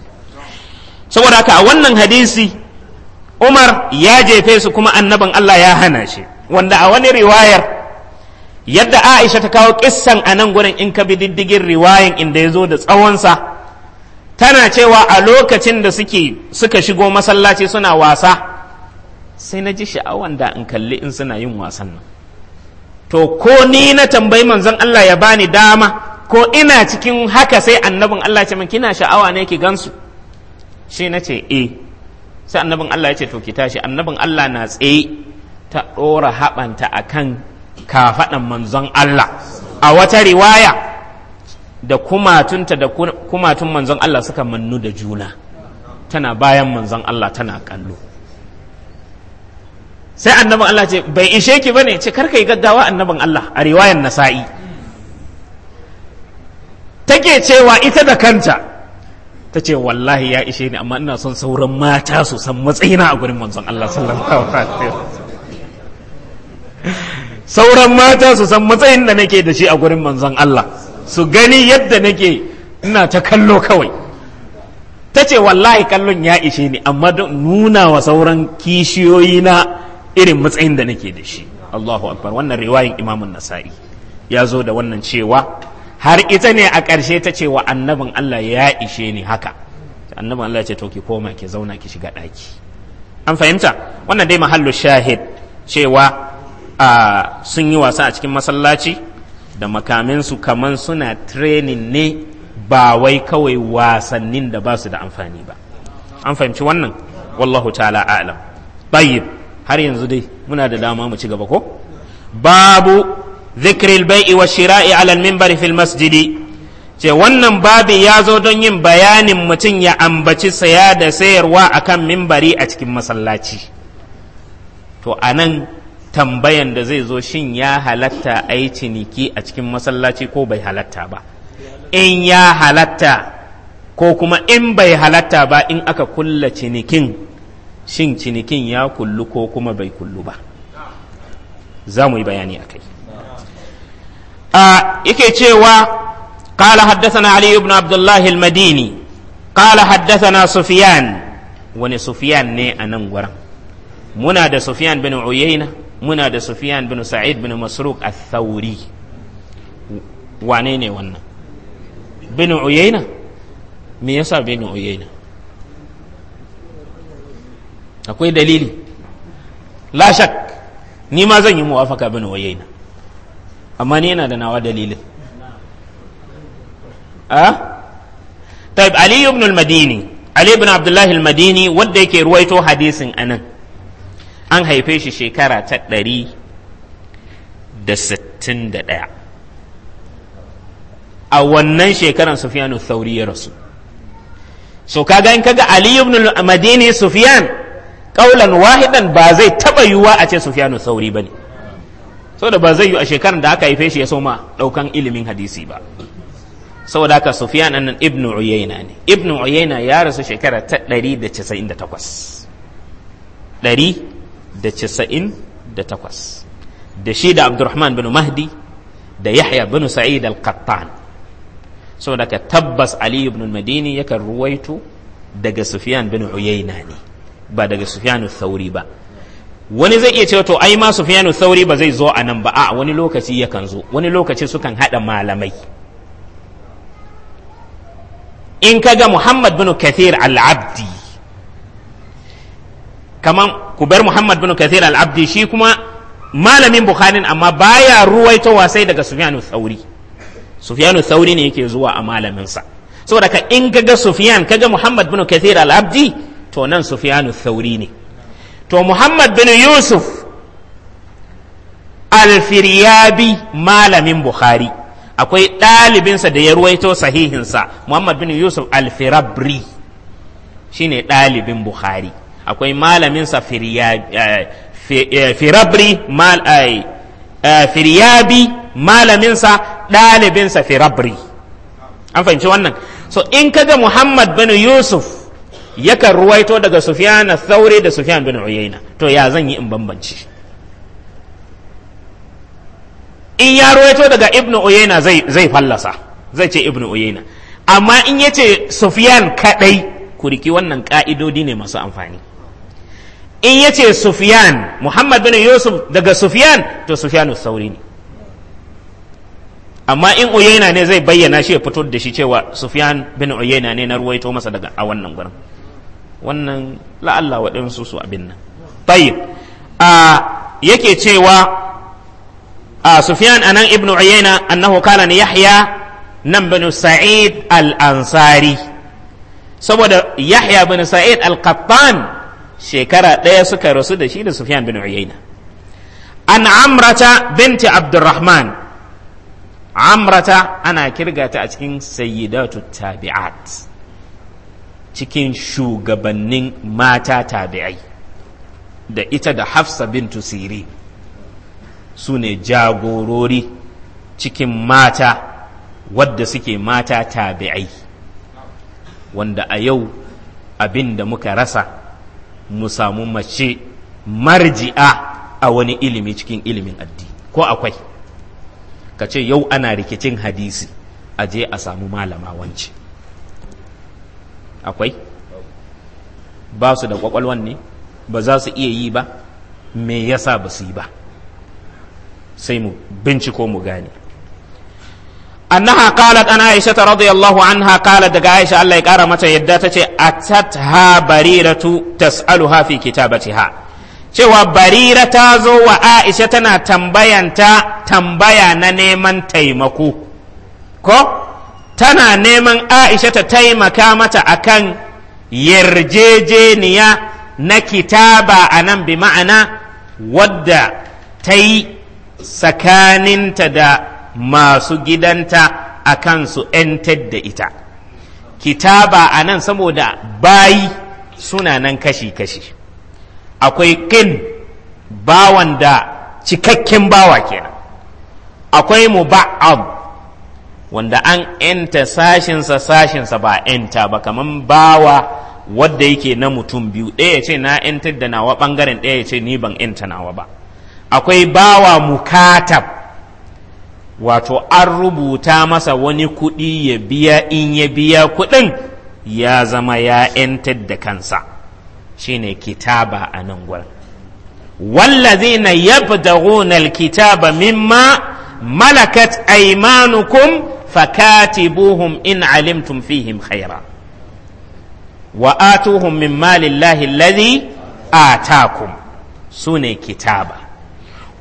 saboda haka a wannan hadisi Umar ya jefe su kuma annabin Allah ya hana shi wanda a wani riwayar yadda Aisha ta kawo kissan a nan gurin in ka bi diddigin riwayan inda ya zo da tsawonsa tana cewa a lokacin da suke suka shigo masallaci suna wasa sai na ji sha'awan da in kalli in suna yin wasan nan to ko ni na tambayi manzon Allah ya bani dama ko ina cikin haka sai annabin Allah ce min kina sha'awa ne ki gansu shi na ce eh sai annabin Allah ya ce to ki tashi annabin Allah na tsaye ta ɗora haɓanta a kan kafaɗan manzon Allah a wata riwaya da kumatunta da kumatun manzon Allah suka mannu da juna tana bayan manzon Allah tana kallo sai annabin Allah ce bai ishe ki bane ce karka yi gaggawa annabin Allah a riwayan nasa'i take cewa ita da kanta ta ce wallahi ya ishe ni amma ina son sauran mata su san matsayina a gurin manzon Allah sallallahu alaihi sauran mata su san matsayin da nake da shi a gurin manzon Allah su gani yadda nake ina ta kallo kawai ta ce wallahi kallon ya ishe ni amma nuna wa sauran kishiyoyi na irin matsayin da nake da shi Allahu akbar wannan riwayin imamun nasa'i ya zo da wannan cewa har ita ne a ƙarshe ta ce wa annabin Allah ya ishe ni haka annabin Allah ya ce to ki koma ki zauna ki shiga ɗaki an fahimta wannan dai mahallu shahid cewa a sun yi wasa a cikin masallaci da su kaman suna training ne ba wai kawai wasannin da ba su da amfani ba an fahimci wannan wallahu ta'ala a'lam tayyib har yanzu dai muna da dama mu ci gaba ko babu zikril bai'i wa shira'i alal minbari fil masjidi ce wannan babi ya zo don yin bayanin mutum ya ambaci saya da sayarwa akan mimbari a cikin masallaci to anan tambayan da zai zo shin ya halatta a yi ciniki a cikin masallaci ko bai halatta ba in ya halatta ko kuma in bai halatta ba in aka kulla cinikin shin cinikin ya kullu ko kuma bai kullu ba za mu yi bayani a kai yake cewa قال حدثنا علي بن عبد الله المديني قال حدثنا سفيان وني سفيان ني أنن ورم منا دا سفيان بن عيينة منا دا سفيان بن سعيد بن مسروق الثوري وانيني ونا بن عيينة ميسا بن عيينة akwai dalili la shak ni ma zan yi muwafaka bin na amma ni yana da nawa dalilin a طيب Ibn بن المديني علي بن عبد الله المديني wanda yake ruwaito hadisin anan an haife shi shekara ta ɗari da sittin da ɗaya a wannan shekaran Sufiyanu thauri ya rasu so kaga in kaga ali ibn madini Sufiyan. kaulan wahidan ba zai taba yiwuwa a ce sufyanu sauri bane saboda ba zai yi a shekaran da aka haife shi ya soma daukan ilimin hadisi ba saboda haka sufyan nan ibnu uyayna ne ibnu uyayna ya rasu shekara ta 198 198 da shi da abdurrahman bin mahdi da yahya bin sa'id al-qattan saboda ka tabbas ali ibn al-madini yakan ruwaito daga sufyan bin uyayna ne ba daga sufyanu thauri ba wani zai iya cewa to ai ma sufyanu thauri ba zai zo a nan ba a wani lokaci yakan zo wani lokaci sukan haɗa malamai in ka ga muhammad bin kathir al-abdi kaman ku bar muhammad bin kathir al-abdi shi kuma malamin bukharin amma baya ruwaito wasai daga sufyanu thauri sufyanu thauri ne yake zuwa a malaminsa saboda ka in kaga sufyan ga muhammad bin kathir al-abdi to nan sufyanu thauri ne to muhammad bin yusuf alfiryabi malamin bukhari akwai ɗalibinsa da ya ruwaito sahihinsa muhammad bin yusuf alfirabri shine ɗalibin bukhari akwai malaminsa eh, eh, firabri eh, firyabi malaminsa ɗalibinsa firabri an fahimci wannan so in kaga muhammad bin yusuf yakan ruwaito daga Sufiyana al-Thawri da Sufiyan bin Uyayna to ya zan yi in bambance in ya ruwaito daga Ibn Uyayna zai zai fallasa zai ce Ibn Uyayna amma in yace Sufiyan kadai ku riki wannan ka'idodi ne masu amfani in yace Sufiyan Muhammad bin Yusuf daga Sufiyan to sufiyan al-Thawri ne amma in Uyayna ne zai bayyana shi ya fito da shi cewa Sufiyan bin Uyayna ne na ruwaito masa daga a wannan gurin wannan la'alla waɗansu su abin nan tayyib a yake cewa a sufyan anan ibnu uyayna annahu kana ni yahya nan banu sa'id al-ansari saboda yahya bin sa'id al-qattan shekara ɗaya suka rasu da shi da sufyan bin uyayna an amrata binti abdurrahman amrata ana kirgata a cikin sayyidatu tabi'at cikin shugabannin mata tabi'ai da ita da hafsa bintu siri su ne jagorori cikin mata wadda suke mata tabi'ai wanda a yau abin da muka rasa mu samu mace marji'a a wani ilimi cikin ilimin addini ko akwai ka ce yau ana rikicin hadisi a je a samu malama wance akwai ba su da kwakwalwan ne ba za su iya yi ba me yasa ba su yi ba sai mu binciko mu gane annaha qalat ana aisha radiyallahu anha qalat daga aisha Allah ya kara mata yadda ta ce tace atatha bariratu tas'aluha fi kitabatiha cewa barira ta zo wa aisha tana tambayanta tambaya na neman taimako ko tana neman aisha ta taimaka mata akan yarjejeniya na kitaba a nan bi ma'ana wadda ta yi tsakaninta da masu gidanta a kansu 'yantar da ita kitaba a nan saboda bayi suna nan kashi-kashi akwai ƙin bawan da cikakken bawa kenan akwai mu ba'ab wanda an ‘yanta sashinsa sashinsa ba ‘yanta ba kaman bawa wadda yake na mutum biyu ɗaya ce na ‘yantar da nawa ɓangaren ɗaya ce ni ban ‘yanta nawa ba akwai bawa mukatab wato an rubuta masa wani kuɗi ya biya in ya biya kuɗin ya zama ya ‘yantar da kansa shine kitaba a nan gurin wallazina yabdaghuna alkitaba mimma malakat aymanukum fakatibuhum in alimtum fihim khaira wa atuhum min malillahi alladhi atakum sune kitaba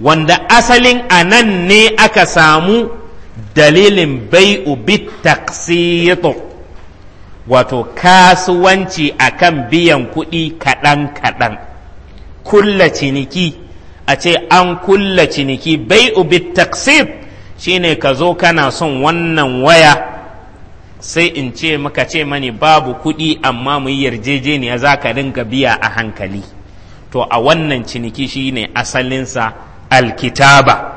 wanda asalin anan ne aka samu dalilin bai'u bitaqsitu wato kasuwanci akan biyan kuɗi kaɗan kaɗan kulla ciniki a ce an kulla ciniki bai'u bitaqsit shine ka zo kana son wannan waya sai in ce maka ce mani babu kuɗi amma mu yi yarjejeniya za ka dinga biya a hankali to a wannan ciniki shine asalinsa alkitaba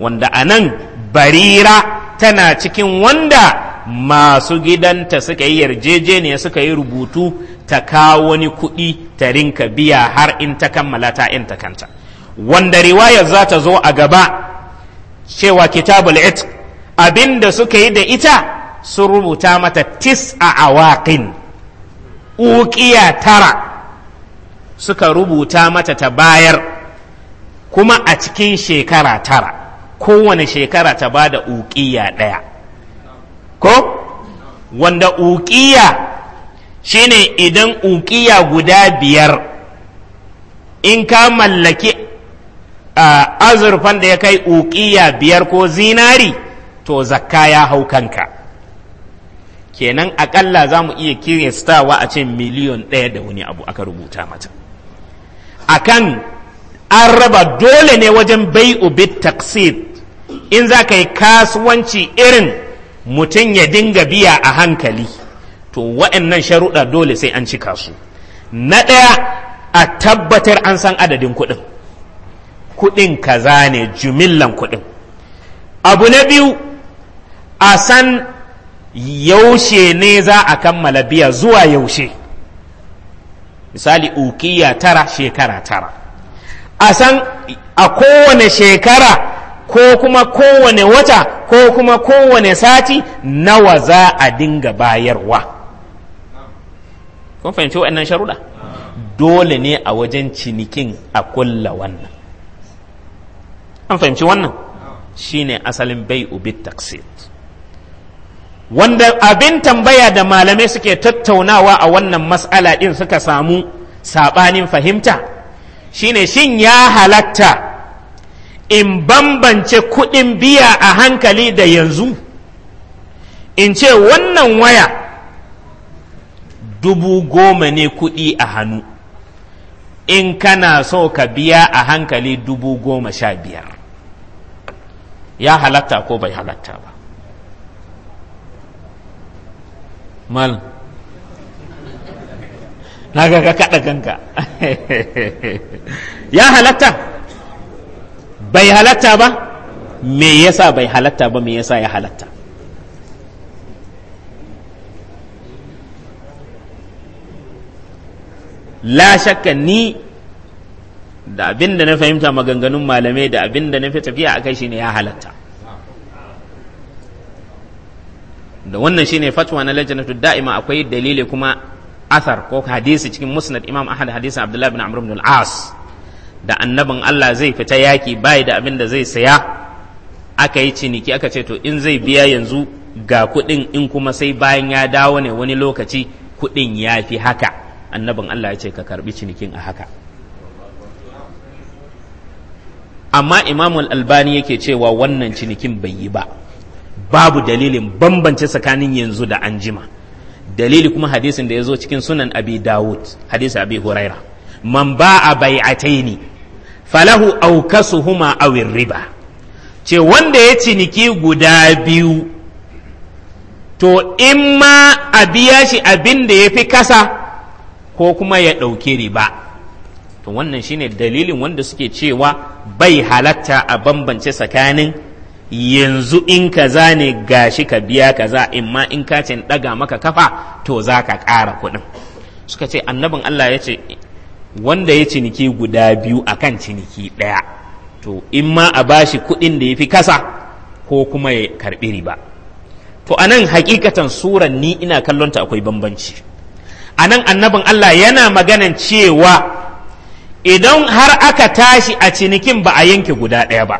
wanda a nan barira tana cikin wanda masu gidanta suka yi yarjejeniya suka yi rubutu ta kawo wani kuɗi ta rinka biya har in ta kammala ta in ta kanta wanda riwayar za ta zo a gaba cewa kitabul itq abinda suka yi da ita sun rubuta mata tis'a waƙin Uƙiya tara suka rubuta mata ta bayar kuma a cikin shekara tara kowane shekara ta ba da uƙiya ɗaya ko wanda uƙiya shine idan uƙiya guda biyar in ka mallaki azurfan da ya kai uƙiya biyar ko zinari to zakka ya hau kanka kenan akalla za mu iya kiristawa a ce miliyon ɗaya da wani abu aka rubuta mata akan an raba dole ne wajen bai bit taksir in za ka yi kasuwanci irin mutum ya dinga biya a hankali to wa'annan sharuɗa dole sai an cika su na ɗaya a tabbatar an san adadin kuɗin kuɗin kaza ne jumillan kuɗin abu na biyu a san yaushe ne za a kammala biya zuwa yaushe misali ukiya tara shekara tara a san a kowane shekara ko kuma kowane wata ko kuma kowane sati nawa za a dinga bayarwa kun fahimci waɗannan sharuɗa dole ne a wajen cinikin a kulla wannan an fahimci wannan shine asalin bai'u bit taksit wanda abin tambaya da malamai suke tattaunawa a wannan mas'ala ɗin suka samu saɓanin fahimta shine shin ya halatta in bambance kuɗin biya a hankali da yanzu in ce wannan waya dubu goma ne kuɗi a hannu in kana so ka biya a hankali dubu goma sha biyar ya halatta ko bai halatta ba mal na ga ka kaɗa ganka ya halatta bai halatta ba me yasa bai halatta ba me yasa ya halatta la shakka ni da abin da na fahimta maganganun malamai da abin da na fi tafiya a kai shine ya halatta da wannan shine fatwa na lajanatu da'ima akwai dalili kuma athar ko hadisi cikin musnad imam ahad hadisi abdullahi bin amr ibn al da annabin Allah zai fita yaki bai da abin da zai saya aka yi ciniki aka ce to in zai biya yanzu ga kuɗin in kuma sai bayan ya dawo ne wani lokaci kuɗin ya fi haka annabin Allah ya ce ka karbi cinikin a haka amma imamul albani yake cewa wannan cinikin bai yi ba babu dalilin bambance tsakanin yanzu da anjima dalili kuma hadisin da ya zo cikin sunan abi dawud hadisi abi huraira man ba a bai'ataini falahu aukasuhuma awir riba ce wanda ya ciniki guda biyu to in ma a biya shi abin da ya fi kasa ko kuma ya ɗauki riba to wannan shine dalilin wanda suke cewa bai halatta a bambance tsakanin yanzu in kaza ne gashi ka biya kaza ma in ka ce daga maka kafa to za ka ƙara kuɗin suka ce annabin Allah ya ce wanda ya ciniki guda biyu a akan ciniki ɗaya to in ma a bashi kuɗin da ya fi kasa ko kuma ya karɓi riba to a nan hakikatan suran ni ina kallonta akwai bambanci a nan annabin Allah yana maganan cewa idan har aka tashi a cinikin ba a yanke guda ɗaya ba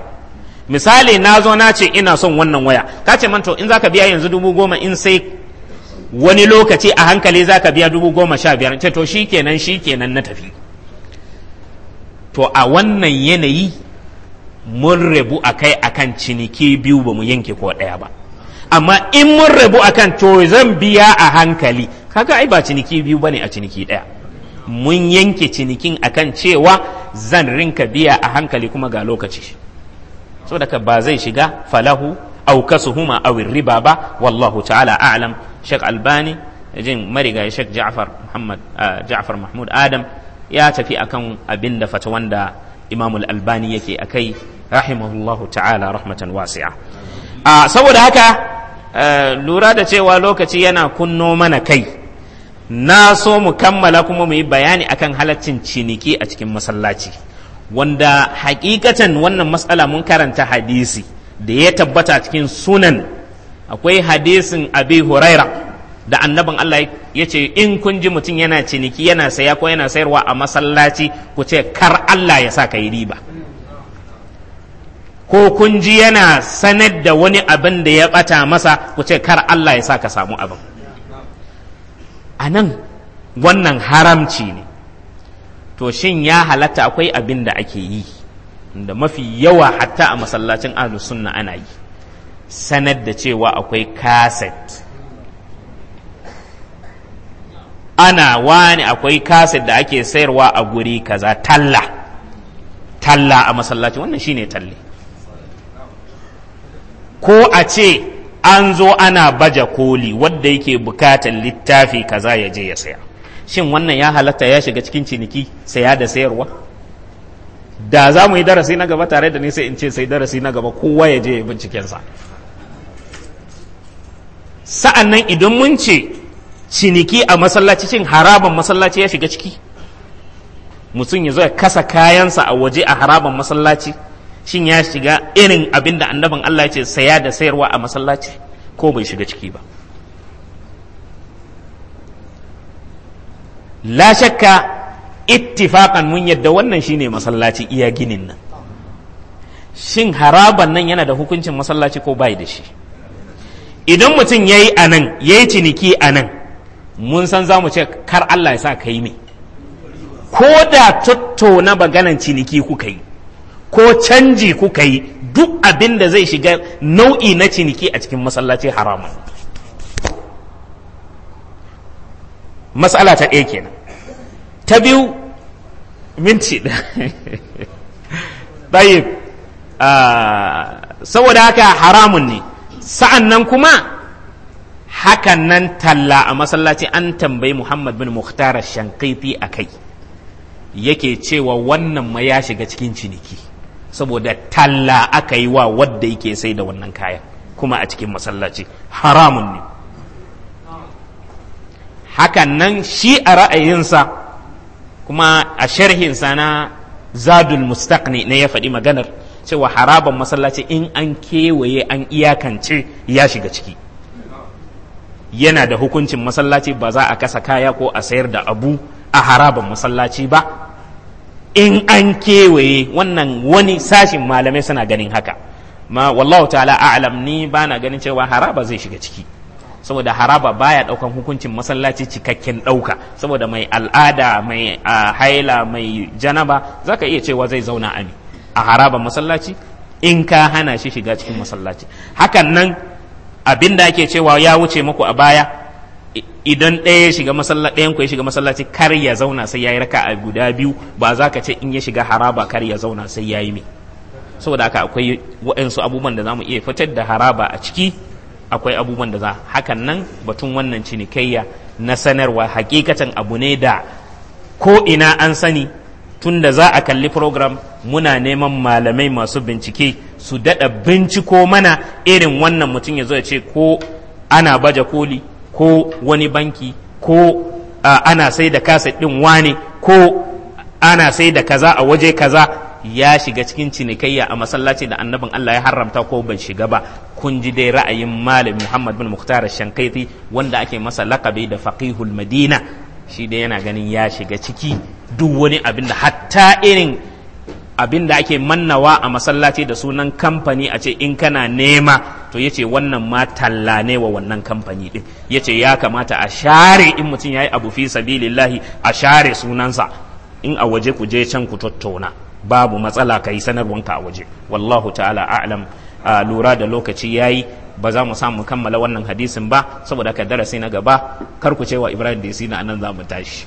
misali na zo na ce ina son wannan waya ka ce manto to in zaka biya yanzu dubu goma in sai wani lokaci a hankali zaka biya dubu goma sha biyar ce to shi kenan shi kenan na tafi to a wannan yanayi mun rabu a kai a kan ciniki biyu ba mu yanke ko ɗaya ba amma in mun rabu a kan to zan biya a hankali kaga ai ba ciniki biyu ba ne a ciniki ɗaya mun yanke cinikin akan cewa zan rinka biya a hankali kuma ga lokaci Saboda ka ba zai shiga falahu au kasuhuma aw riba ba wallahu ta'ala a'lam Sheikh Albani jin marigayi Sheikh Ja'far Muhammad ah, Ja'far Mahmud Adam ya tafi akan abinda fata wanda Imam albani yake akai rahimahullahu ta'ala rahmatan wasi'a ah, saboda haka eh, lura da cewa lokaci yana kunno mana kai na so mu kammala kuma mu yi bayani akan halaccin ciniki a cikin masallaci wanda hakikatan wannan matsala mun karanta hadisi da ya tabbata cikin sunan akwai hadisin abi huraira da annaban Allah ya ce in kun ji mutum yana ciniki yana saya ko yana sayarwa a masallaci ku ce kar Allah ya sa ka yi riba ko kun ji yana sanar da wani abin da ya bata masa ku ce kar Allah ya sa ka samu abin a nan wannan haramci ne to shin ya halatta akwai abin da ake yi da mafi yawa hatta a masallacin ahlus sunna ana yi sanar da cewa akwai kaset ana wani akwai kaset da ake sayarwa a guri kaza talla talla a masallaci wannan shine talle ko a ce an zo ana baje koli wadda yake bukatar littafi kaza ya je ya saya shin wannan ya halatta ya shiga cikin ciniki saya da sayarwa da za mu yi darasi na gaba tare da ni sai in ce sai darasi na gaba kowa ya je ya bincikensa sa'an nan idan mun ce ciniki a masallaci shin haraban masallaci ya shiga ciki mutum ya zo ya kasa kayansa a waje a haraban masallaci shin ya shiga irin abin da annabin Allah ya ce saya da sayarwa a masallaci ko bai shiga ciki ba la shakka ittifaqan mun yadda wannan shine masallaci iya ginin nan shin haraban nan yana da hukuncin masallaci ko bai da shi idan mutum ya yi a nan ya yi ciniki a nan mun san za mu ce kar Allah ya sa ka yi ne ko da tattauna maganan ciniki kuka yi ko canji kuka yi duk abin da zai shiga nau'i na ciniki a cikin masallaci haramun matsala ta ɗaya kenan ta biyu minci ɗaya saboda haka haramun ne sa'an nan kuma hakan nan talla a masallaci an tambayi muhammad bin muhtar kaifi a kai yake cewa wannan ma ya shiga cikin ciniki saboda talla aka yi wa wadda yake sai da wannan kaya. kuma a cikin masallaci haramun ne hakan nan shi a ra'ayinsa kuma a sharhinsa na zadul mustaqni ne ya faɗi maganar cewa haraban masallaci in an kewaye an iyakance ya shiga ciki yana da hukuncin masallaci ba za a kasa kaya ko a sayar da abu a haraban masallaci ba in an kewaye wannan wani sashin malamai suna ganin haka ma wallahu ta'ala a'lam ni na ganin cewa haraba zai shiga ciki saboda haraba baya daukan hukuncin masallaci cikakken dauka saboda mai al'ada mai haila mai janaba zaka iya cewa zai zauna ami a haraba masallaci in ka hana shi shiga cikin masallaci hakan nan abin ake cewa ya wuce muku a baya idan ɗaya ya shiga masallaci ɗayan ku ya shiga masallaci kar ya zauna sai yayi raka a guda biyu ba za ka ce in ya shiga haraba kar ya zauna sai yayi me saboda haka akwai waɗansu abubuwan da zamu iya fitar da haraba a ciki akwai abubuwan da za hakan nan batun wannan cinikayya na sanarwa hakikatan abu ne da ko ina an sani tunda za a kalli program muna neman malamai masu bincike su daɗa binciko mana irin wannan mutum ya zo ya ce ko ana baje koli ko wani banki ko ana sai da kasa ɗin wane ko ana sai da kaza a waje kaza ya shiga cikin cinikayya a masallaci da annabin Allah ya haramta ko ban shiga ba kun ji dai ra'ayin malam Muhammad bin Mukhtar Shankaiti wanda ake masa lakabi da faqihul Madina shi dai yana ganin ya shiga ciki duk wani abin da hatta irin abin da ake mannawa a masallaci da sunan kamfani a ce in kana nema to yace wannan ma talla ne wa wannan kamfani din ce ya kamata a share in mutum ya yayi abu fi sabilillahi a share sunansa in a waje ku je can ku tattauna babu matsala kai sanarwanka a waje wallahu ta'ala a'lam a lura da lokaci yayi ba za mu samu kammala wannan hadisin ba saboda ka darasi na gaba kar ku cewa Ibrahim Disi na anan za mu tashi